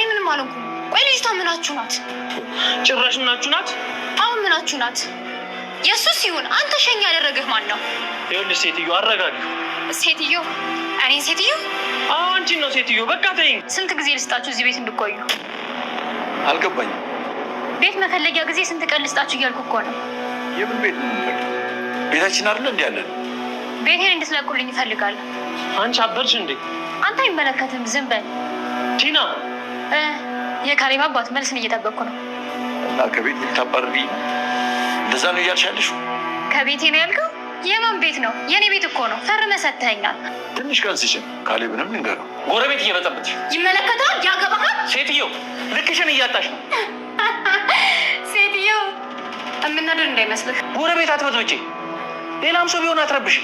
እኔ ምንም አልሆንኩም። ቆይ ልጅቷ ምናችሁ ናት? ጭራሽ ምናችሁ ናት? አሁን ምናችሁ ናት? የእሱስ ይሁን አንተ ሸኝ ያደረገህ ማን ነው? ይኸውልሽ ሴትዮ አረጋግ። ሴትዮ እኔን? ሴትዮ አዎ አንቺን ነው ሴትዮ። በቃ ተይኝ። ስንት ጊዜ ልስጣችሁ እዚህ ቤት እንድቆዩ? አልገባኝም። ቤት መፈለጊያ ጊዜ ስንት ቀን ልስጣችሁ እያልኩ እኮ ነው። የምን ቤት ነው ቤታችን አይደለ እንዲ ያለን። ቤቴን እንድትለቁልኝ ይፈልጋል። አንቺ አበርሽ እንዴ? አንተ አይመለከትም። ዝም በል ቲና የካሌብ አባት መልስን እየጠበቅኩ ነው። እና ከቤት ልታባርሪ እንደዛ ነው እያልሻለሽ? ከቤቴ ነው ያልከው? የማን ቤት ነው? የእኔ ቤት እኮ ነው። ፈርመህ ሰጥተኸኛል። ትንሽ ቀን ሲችል ካሌብንም ልንገረው። ጎረቤት እየበጠበትሽ ይመለከታል። ያገባሃል። ሴትየው ልክሽን እያጣሽ ነው። ሴትየው እምናደድ እንዳይመስልሽ። ጎረቤት አትበጥብጪ። ሌላም ሰው ቢሆን አትረብሽ።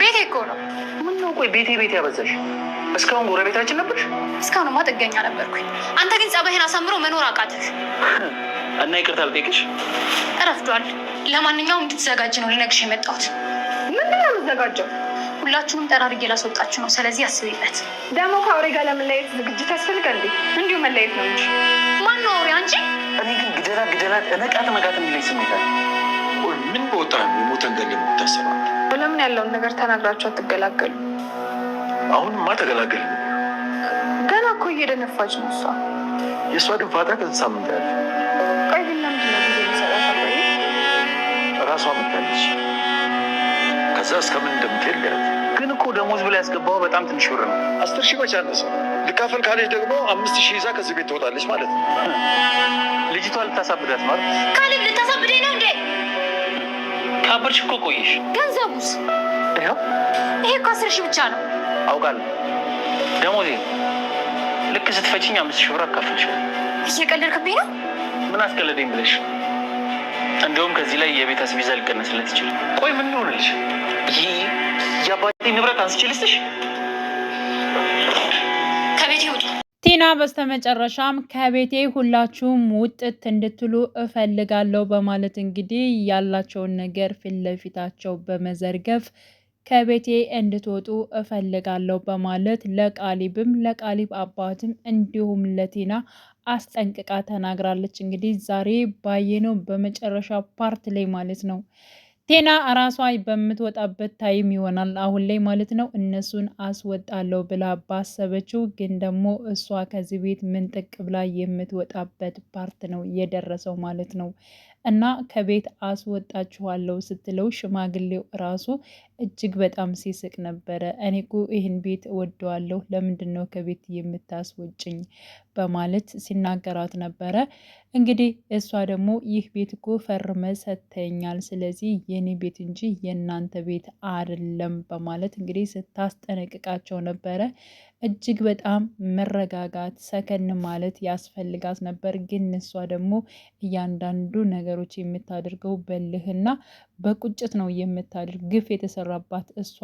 ቤቴ እኮ ነው። ምነው? ቆይ ቤቴ ቤቴ ያበዛሽ እስካሁን ጎረቤታችን ነበር እስካሁንማ ጥገኛ ነበርኩኝ። አንተ ግን ጸባይህን አሳምሮ መኖር አቃተህ እና ይቅርታ ልጠይቅሽ እረፍዷል። ለማንኛውም እንድትዘጋጅ ነው ልነግርሽ የመጣሁት። ምንድን ነው የምትዘጋጀው? ሁላችሁም ጠራርጌ ላስወጣችሁ ነው። ስለዚህ አስቢበት። ደግሞ ከአውሬ ጋር ለመለየት ዝግጅት ያስፈልጋል እንዴ? እንዲሁ መለየት ነው እንጂ ነው አውሬ? አንቺ። እኔ ግን ግደላት ግደላት እነቃት መቃት የሚለኝ ስሜታል። ምን በወጣ ሞተን ገል የምታሰባ ለምን ያለውን ነገር ተናግራችሁ አትገላገሉ አሁንማ ተገላገል። ገና እኮ እየደነፋች ነው እሷ። የእሷ ድንፋታ ከእንስሳ ምን ያለ ቆይ፣ ግን ራሷ ምታለች። ከዛ እስከምን እንደምትሄድ ያለ ግን እኮ ደሞዝ ብላ ያስገባው በጣም ትንሽ ብር ነው። አስር ሺህ መቻ አነሰ። ልካፈል ካለች ደግሞ አምስት ሺህ ይዛ ከዚህ ቤት ትወጣለች ማለት ነው። ልጅቷ ልታሳብዳት ማለት ካሌብ፣ ልታሳብደኝ ነው እንዴ? ካበርሽ እኮ ቆየሽ። ገንዘቡስ? ይሄ እኮ አስር ሺህ ብቻ ነው። አውቃለሁ። ደሞዜ ልክ ስትፈችኝ አምስት ሺህ ብር አካፍልሽ። እየቀለድክብኝ ነው። ምን አስቀለደኝ ብለሽ? እንደውም ከዚህ ላይ የቤት አስቤዛ ሊቀነስለት ይችላል። ቆይ ምን ሆንልሽ? ይህ የአባቴ ንብረት አንስችልስሽ ከቤቴ ቲና በስተመጨረሻም ከቤቴ ሁላችሁም ውጥት እንድትሉ እፈልጋለሁ በማለት እንግዲህ ያላቸውን ነገር ፊት ለፊታቸው በመዘርገፍ ከቤቴ እንድትወጡ እፈልጋለሁ በማለት ለቃሊብም ለቃሊብ አባትም እንዲሁም ለቲና አስጠንቅቃ ተናግራለች። እንግዲህ ዛሬ ባየነው በመጨረሻ ፓርት ላይ ማለት ነው ቴና እራሷ በምትወጣበት ታይም ይሆናል አሁን ላይ ማለት ነው። እነሱን አስወጣለሁ ብላ ባሰበችው ግን ደግሞ እሷ ከዚህ ቤት ምንጥቅ ብላ የምትወጣበት ፓርት ነው የደረሰው ማለት ነው። እና ከቤት አስወጣችኋለሁ ስትለው ሽማግሌው ራሱ እጅግ በጣም ሲስቅ ነበረ። እኔ እኮ ይህን ቤት እወደዋለሁ፣ ለምንድን ነው ከቤት የምታስወጭኝ? በማለት ሲናገራት ነበረ። እንግዲህ እሷ ደግሞ ይህ ቤት እኮ ፈርመ ሰተኛል ስለዚህ የኔ ቤት እንጂ የእናንተ ቤት አይደለም በማለት እንግዲህ ስታስጠነቅቃቸው ነበረ። እጅግ በጣም መረጋጋት፣ ሰከን ማለት ያስፈልጋት ነበር። ግን እሷ ደግሞ እያንዳንዱ ነገሮች የምታደርገው በልህና በቁጭት ነው የምታደርግ። ግፍ የተሰራባት እሷ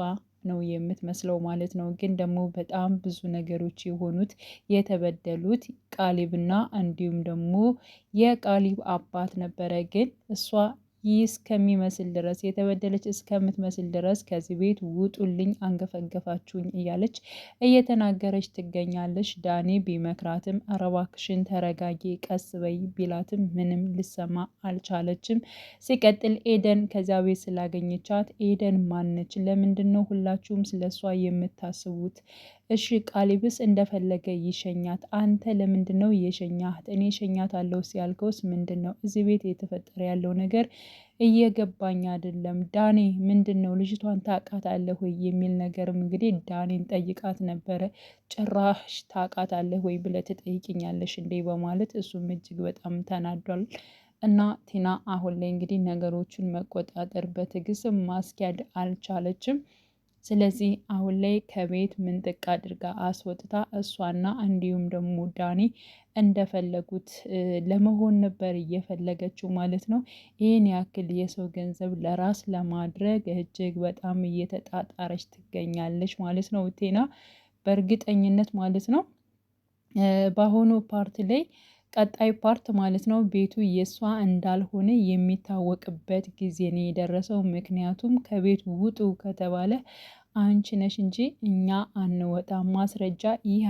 ነው የምትመስለው ማለት ነው። ግን ደግሞ በጣም ብዙ ነገሮች የሆኑት የተበደሉት ቃሊብና እንዲሁም ደግሞ የቃሊብ አባት ነበረ። ግን እሷ ይህ እስከሚመስል ድረስ የተበደለች እስከምትመስል ድረስ ከዚህ ቤት ውጡልኝ፣ አንገፈገፋችሁኝ እያለች እየተናገረች ትገኛለች። ዳኔ ቢመክራትም አረባክሽን ተረጋጊ፣ ቀስ በይ ቢላትም ምንም ልሰማ አልቻለችም። ሲቀጥል ኤደን ከዚያ ቤት ስላገኘቻት ኤደን ማነች? ለምንድን ነው ሁላችሁም ስለሷ የምታስቡት? እሺ ቃሊብስ እንደፈለገ ይሸኛት። አንተ ለምንድን ነው የሸኛት? እኔ ሸኛት አለው ሲያልከውስ ምንድን ነው? እዚህ ቤት የተፈጠረ ያለው ነገር እየገባኝ አይደለም። ዳኔ ምንድን ነው ልጅቷን ታውቃታለህ ወይ የሚል ነገርም እንግዲህ ዳኔን ጠይቃት ነበረ። ጭራሽ ታውቃታለህ ወይ ብለ ትጠይቅኛለሽ እንዴ? በማለት እሱም እጅግ በጣም ተናዷል። እና ቲና አሁን ላይ እንግዲህ ነገሮችን መቆጣጠር በትዕግስት ማስኪያድ አልቻለችም። ስለዚህ አሁን ላይ ከቤት ምንጥቅ አድርጋ አስወጥታ እሷና እንዲሁም ደግሞ ዳኒ እንደፈለጉት ለመሆን ነበር እየፈለገችው ማለት ነው። ይህን ያክል የሰው ገንዘብ ለራስ ለማድረግ እጅግ በጣም እየተጣጣረች ትገኛለች ማለት ነው ቴና በእርግጠኝነት ማለት ነው። በአሁኑ ፓርት ላይ ቀጣይ ፓርት ማለት ነው ቤቱ የእሷ እንዳልሆነ የሚታወቅበት ጊዜ ነው የደረሰው። ምክንያቱም ከቤት ውጡ ከተባለ አንቺ ነሽ እንጂ እኛ አንወጣ ማስረጃ ይህ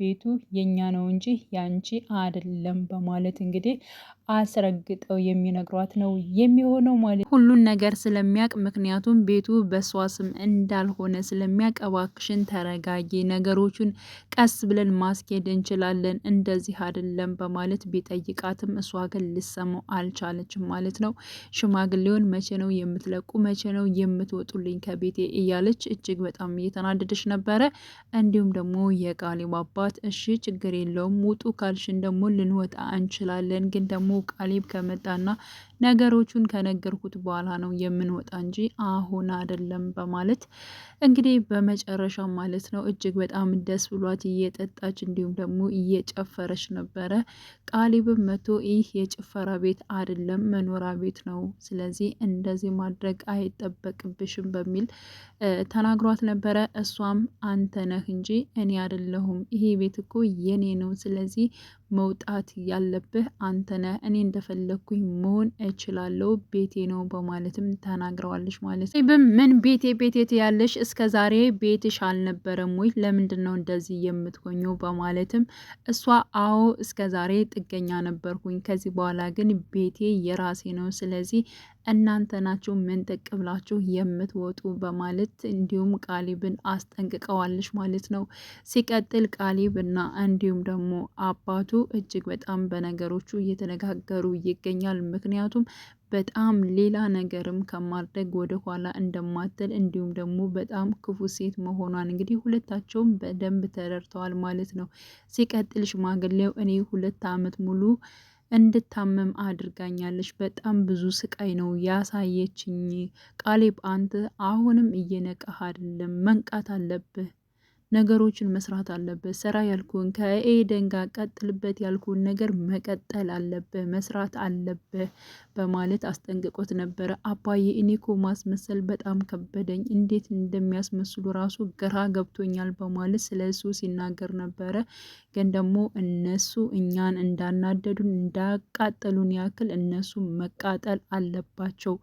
ቤቱ የኛ ነው እንጂ ያንቺ አይደለም በማለት እንግዲህ አስረግጠው የሚነግሯት ነው የሚሆነው ማለት ሁሉን ነገር ስለሚያውቅ ምክንያቱም ቤቱ በሷ ስም እንዳልሆነ ስለሚያውቅ እባክሽን ተረጋጊ፣ ነገሮቹን ቀስ ብለን ማስኬድ እንችላለን፣ እንደዚህ አይደለም በማለት ቢጠይቃትም እሷ ግን ልሰማው አልቻለችም ማለት ነው። ሽማግሌውን መቼ ነው የምትለቁ? መቼ ነው የምትወጡልኝ ከቤቴ እያለች እጅግ በጣም እየተናደደች ነበረ። እንዲሁም ደግሞ የቃሊብ አባት እሺ ችግር የለውም ውጡ ካልሽን ደግሞ ልንወጣ እንችላለን፣ ግን ደግሞ ቃሌብ ከመጣና ነገሮቹን ከነገርኩት በኋላ ነው የምንወጣ እንጂ አሁን አይደለም በማለት እንግዲህ በመጨረሻ ማለት ነው እጅግ በጣም ደስ ብሏት እየጠጣች እንዲሁም ደግሞ እየጨፈረች ነበረ። ቃሊብም መቶ ይህ የጭፈራ ቤት አይደለም መኖሪያ ቤት ነው፣ ስለዚህ እንደዚህ ማድረግ አይጠበቅብሽም በሚል ተናግሯት ነበረ። እሷም አንተ ነህ እንጂ እኔ አይደለሁም፣ ይሄ ቤት እኮ የኔ ነው፣ ስለዚህ መውጣት ያለብህ አንተ ነህ፣ እኔ እንደፈለግኩኝ መሆን እችላለሁ ቤቴ ነው በማለትም ተናግረዋለች ማለት ነው። ምን ቤቴ ቤቴ ያለሽ እስከ ዛሬ ቤትሽ አልነበረም ወይ? ለምንድን ነው እንደዚህ የምትሆኙ? በማለትም እሷ አዎ እስከ ዛሬ ጥገኛ ነበርኩኝ፣ ከዚህ በኋላ ግን ቤቴ የራሴ ነው። ስለዚህ እናንተ ናችሁ ምንጥቅ ብላችሁ የምትወጡ በማለት እንዲሁም ቃሊብን አስጠንቅቀዋለች ማለት ነው። ሲቀጥል ቃሊብ እና እንዲሁም ደግሞ አባቱ እጅግ በጣም በነገሮቹ እየተነጋገሩ ይገኛል። ምክንያቱም በጣም ሌላ ነገርም ከማድረግ ወደ ኋላ እንደማትል እንዲሁም ደግሞ በጣም ክፉ ሴት መሆኗን እንግዲህ ሁለታቸውም በደንብ ተረድተዋል ማለት ነው። ሲቀጥል ሽማግሌው እኔ ሁለት ዓመት ሙሉ እንድታመም አድርጋኛለች። በጣም ብዙ ስቃይ ነው ያሳየችኝ። ቃሌብ አንተ አሁንም እየነቃህ አይደለም፣ መንቃት አለብህ ነገሮችን መስራት አለብህ። ስራ ያልኩን ከኤደን ጋር ቀጥልበት ያልኩን ነገር መቀጠል አለብህ፣ መስራት አለብህ በማለት አስጠንቅቆት ነበረ። አባዬ እኔ እኮ ማስመሰል በጣም ከበደኝ፣ እንዴት እንደሚያስመስሉ ራሱ ግራ ገብቶኛል በማለት ስለ እሱ ሲናገር ነበረ። ግን ደግሞ እነሱ እኛን እንዳናደዱን እንዳቃጠሉን ያክል እነሱ መቃጠል አለባቸው።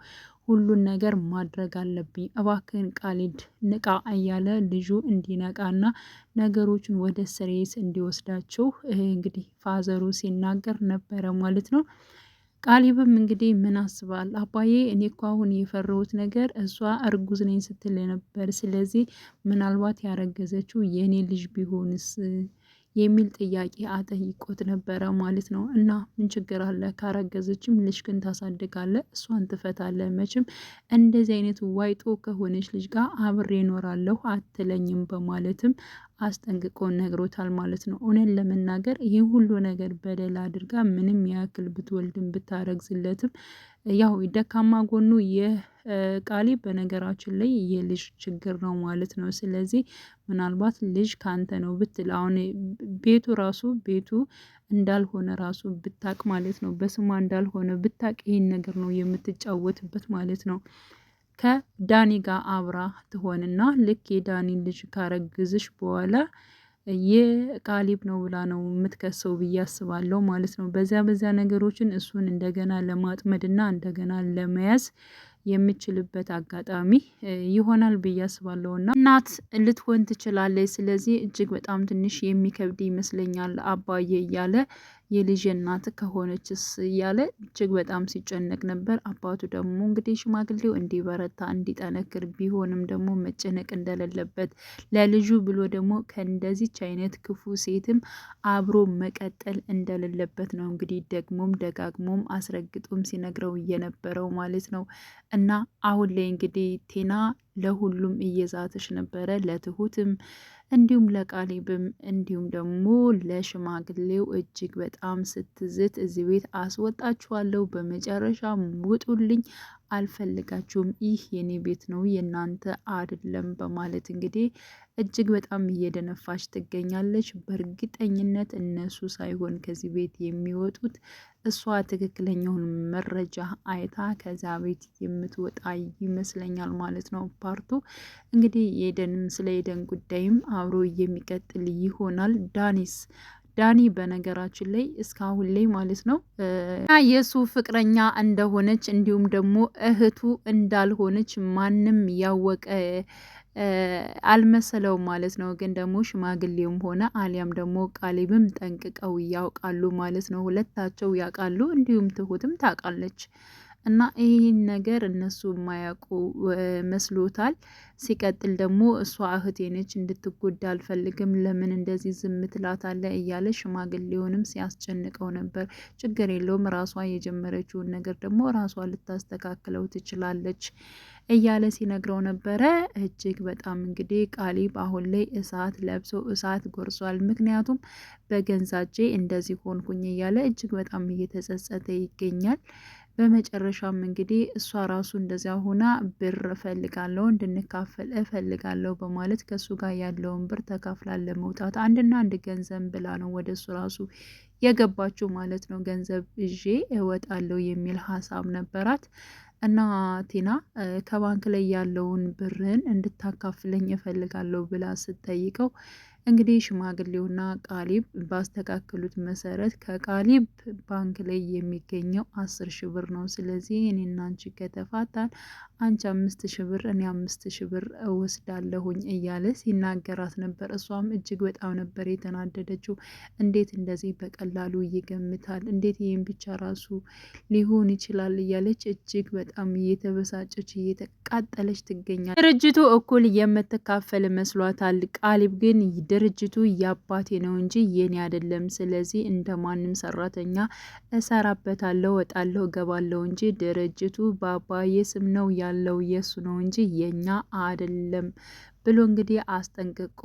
ሁሉን ነገር ማድረግ አለብኝ፣ እባክህን ቃሊድ ንቃ እያለ ልጁ እንዲነቃና ነገሮችን ወደ ስሬስ እንዲወስዳቸው እንግዲህ ፋዘሩ ሲናገር ነበረ ማለት ነው። ቃሊብም እንግዲህ ምን አስባል አባዬ፣ እኔ እኮ አሁን የፈረሁት ነገር እሷ እርጉዝ ነኝ ስትል ነበር። ስለዚህ ምናልባት ያረገዘችው የእኔ ልጅ ቢሆንስ የሚል ጥያቄ አጠይቆት ነበረ ማለት ነው። እና ምን ችግር አለ? ካረገዘችም ልጅ ግን ታሳድጋለ፣ እሷን ትፈታለ። መቼም እንደዚህ አይነት ዋይጦ ከሆነች ልጅ ጋር አብሬ እኖራለሁ አትለኝም በማለትም አስጠንቅቆ ነግሮታል ማለት ነው። እውነት ለመናገር ይህ ሁሉ ነገር በደል አድርጋ ምንም ያክል ብትወልድም ብታረግዝለትም ያው ደካማ ጎኑ ይህ ቃሌ በነገራችን ላይ የልጅ ችግር ነው ማለት ነው። ስለዚህ ምናልባት ልጅ ካንተ ነው ብትል አሁን ቤቱ ራሱ ቤቱ እንዳልሆነ ራሱ ብታቅ ማለት ነው በስሟ እንዳልሆነ ብታቅ ይህን ነገር ነው የምትጫወትበት ማለት ነው። ከዳኒ ጋር አብራ ትሆንና ልክ የዳኒን ልጅ ካረግዝሽ በኋላ ይህ ቃሊብ ነው ብላ ነው የምትከሰው ብዬ አስባለሁ ማለት ነው። በዚያ በዚያ ነገሮችን እሱን እንደገና ለማጥመድ እና እንደገና ለመያዝ የምችልበት አጋጣሚ ይሆናል ብዬ አስባለሁ። እና እናት ልትሆን ትችላለች። ስለዚህ እጅግ በጣም ትንሽ የሚከብድ ይመስለኛል አባዬ እያለ የልጅ እናት ከሆነችስ እያለ እጅግ በጣም ሲጨነቅ ነበር። አባቱ ደግሞ እንግዲህ ሽማግሌው እንዲበረታ እንዲጠነክር ቢሆንም ደግሞ መጨነቅ እንደሌለበት ለልጁ ብሎ ደግሞ ከእንደዚች አይነት ክፉ ሴትም አብሮ መቀጠል እንደሌለበት ነው እንግዲህ ደግሞም ደጋግሞም አስረግጦም ሲነግረው እየነበረው ማለት ነው። እና አሁን ላይ እንግዲህ ቴና ለሁሉም እየዛተች ነበረ ለትሁትም እንዲሁም ለቃሊብም እንዲሁም ደግሞ ለሽማግሌው እጅግ በጣም ስትዝት እዚህ ቤት አስወጣችኋለሁ፣ በመጨረሻ ውጡልኝ፣ አልፈልጋችሁም፣ ይህ የኔ ቤት ነው የእናንተ አይደለም በማለት እንግዲህ እጅግ በጣም እየደነፋች ትገኛለች። በእርግጠኝነት እነሱ ሳይሆን ከዚህ ቤት የሚወጡት እሷ ትክክለኛውን መረጃ አይታ ከዚያ ቤት የምትወጣ ይመስለኛል ማለት ነው። ፓርቱ እንግዲህ የደንም ስለ የደን ጉዳይም አብሮ የሚቀጥል ይሆናል። ዳኒስ ዳኒ በነገራችን ላይ እስካሁን ላይ ማለት ነው የእሱ ፍቅረኛ እንደሆነች እንዲሁም ደግሞ እህቱ እንዳልሆነች ማንም ያወቀ አልመሰለውም ማለት ነው። ግን ደግሞ ሽማግሌውም ሆነ አሊያም ደግሞ ቃሊብም ጠንቅቀው ያውቃሉ ማለት ነው። ሁለታቸው ያውቃሉ፣ እንዲሁም ትሁትም ታውቃለች። እና ይህን ነገር እነሱ የማያውቁ መስሎታል። ሲቀጥል ደግሞ እሷ እህቴ ነች እንድትጎዳ አልፈልግም፣ ለምን እንደዚህ ዝም ትላታለ እያለ ሽማግሌውንም ሲያስጨንቀው ነበር። ችግር የለውም ራሷ የጀመረችውን ነገር ደግሞ ራሷ ልታስተካክለው ትችላለች እያለ ሲነግረው ነበረ። እጅግ በጣም እንግዲህ ቃሊብ አሁን ላይ እሳት ለብሶ እሳት ጎርሷል። ምክንያቱም በገንዛጄ እንደዚህ ሆንኩኝ እያለ እጅግ በጣም እየተጸጸተ ይገኛል። በመጨረሻም እንግዲህ እሷ ራሱ እንደዚያ ሆና ብር እፈልጋለሁ እንድንካፈል እፈልጋለሁ በማለት ከእሱ ጋር ያለውን ብር ተካፍላ ለመውጣት አንድና አንድ ገንዘብ ብላ ነው ወደ እሱ ራሱ የገባችው ማለት ነው። ገንዘብ ይዤ እወጣለሁ የሚል ሀሳብ ነበራት እና ቲና ከባንክ ላይ ያለውን ብርህን እንድታካፍለኝ እፈልጋለሁ ብላ ስትጠይቀው እንግዲህ ሽማግሌውና ቃሊብ ባስተካከሉት መሰረት ከቃሊብ ባንክ ላይ የሚገኘው አስር ሺ ብር ነው። ስለዚህ እኔና አንቺ ከተፋታን አንቺ አምስት ሺ ብር እኔ አምስት ሺ ብር እወስዳለሁኝ እያለ ሲናገራት ነበር። እሷም እጅግ በጣም ነበር የተናደደችው። እንዴት እንደዚህ በቀላሉ ይገምታል? እንዴት ይህም ብቻ ራሱ ሊሆን ይችላል? እያለች እጅግ በጣም እየተበሳጨች እየተቃጠለች ትገኛል። ድርጅቱ እኩል የምትካፈል መስሏታል። ቃሊብ ግን ድርጅቱ የአባቴ ነው እንጂ የኔ አይደለም። ስለዚህ እንደ ማንም ሰራተኛ እሰራበታለሁ፣ ወጣለሁ፣ ገባለሁ እንጂ ድርጅቱ በአባዬ ስም ነው ያለው የእሱ ነው እንጂ የኛ አይደለም ብሎ እንግዲህ አስጠንቅቆ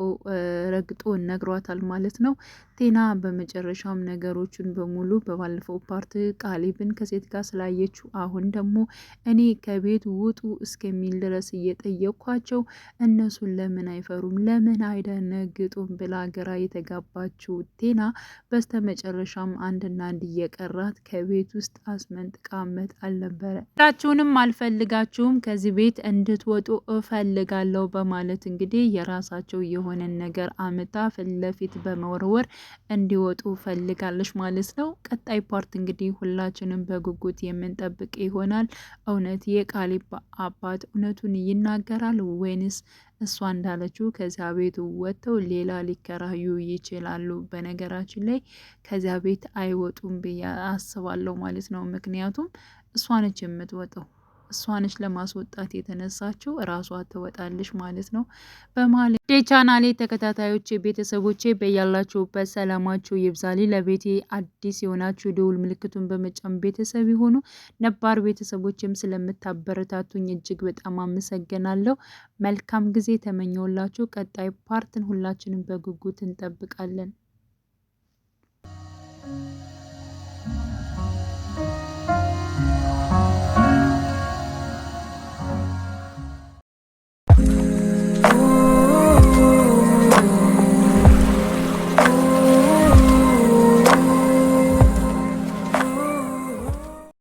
ረግጦ ነግሯታል ማለት ነው። ቴና በመጨረሻም ነገሮችን በሙሉ በባለፈው ፓርት ቃሊብን ከሴት ጋር ስላየችው አሁን ደግሞ እኔ ከቤት ውጡ እስከሚል ድረስ እየጠየኳቸው እነሱን ለምን አይፈሩም ለምን አይደነግጡም ብላ ግራ የተጋባችው ቴና በስተመጨረሻም አንድና አንድ እየቀራት ከቤት ውስጥ አስመንጥቃ መጣል ነበረ። ታችሁንም አልፈልጋችሁም ከዚህ ቤት እንድትወጡ እፈልጋለሁ በማለት እንግዲህ የራሳቸው የሆነን ነገር አምታ ፊት ለፊት በመወርወር እንዲወጡ ፈልጋለች ማለት ነው። ቀጣይ ፓርት እንግዲህ ሁላችንም በጉጉት የምንጠብቅ ይሆናል። እውነት የቃሊብ አባት እውነቱን ይናገራል ወይንስ እሷ እንዳለችው ከዚያ ቤት ወጥተው ሌላ ሊከራዩ ይችላሉ። በነገራችን ላይ ከዚያ ቤት አይወጡም ብዬ አስባለሁ ማለት ነው። ምክንያቱም እሷ ነች የምትወጣው። እሷንች ለማስወጣት የተነሳችው እራሷ ትወጣለች ማለት ነው። በማለ የቻናሌ ተከታታዮች ቤተሰቦቼ በያላችሁበት ሰላማችሁ ይብዛል። ለቤቴ አዲስ የሆናችሁ ደውል ምልክቱን በመጫን ቤተሰብ የሆኑ ነባር ቤተሰቦችም ስለምታበረታቱኝ እጅግ በጣም አመሰግናለሁ። መልካም ጊዜ ተመኘውላችሁ። ቀጣይ ፓርትን ሁላችንም በጉጉት እንጠብቃለን።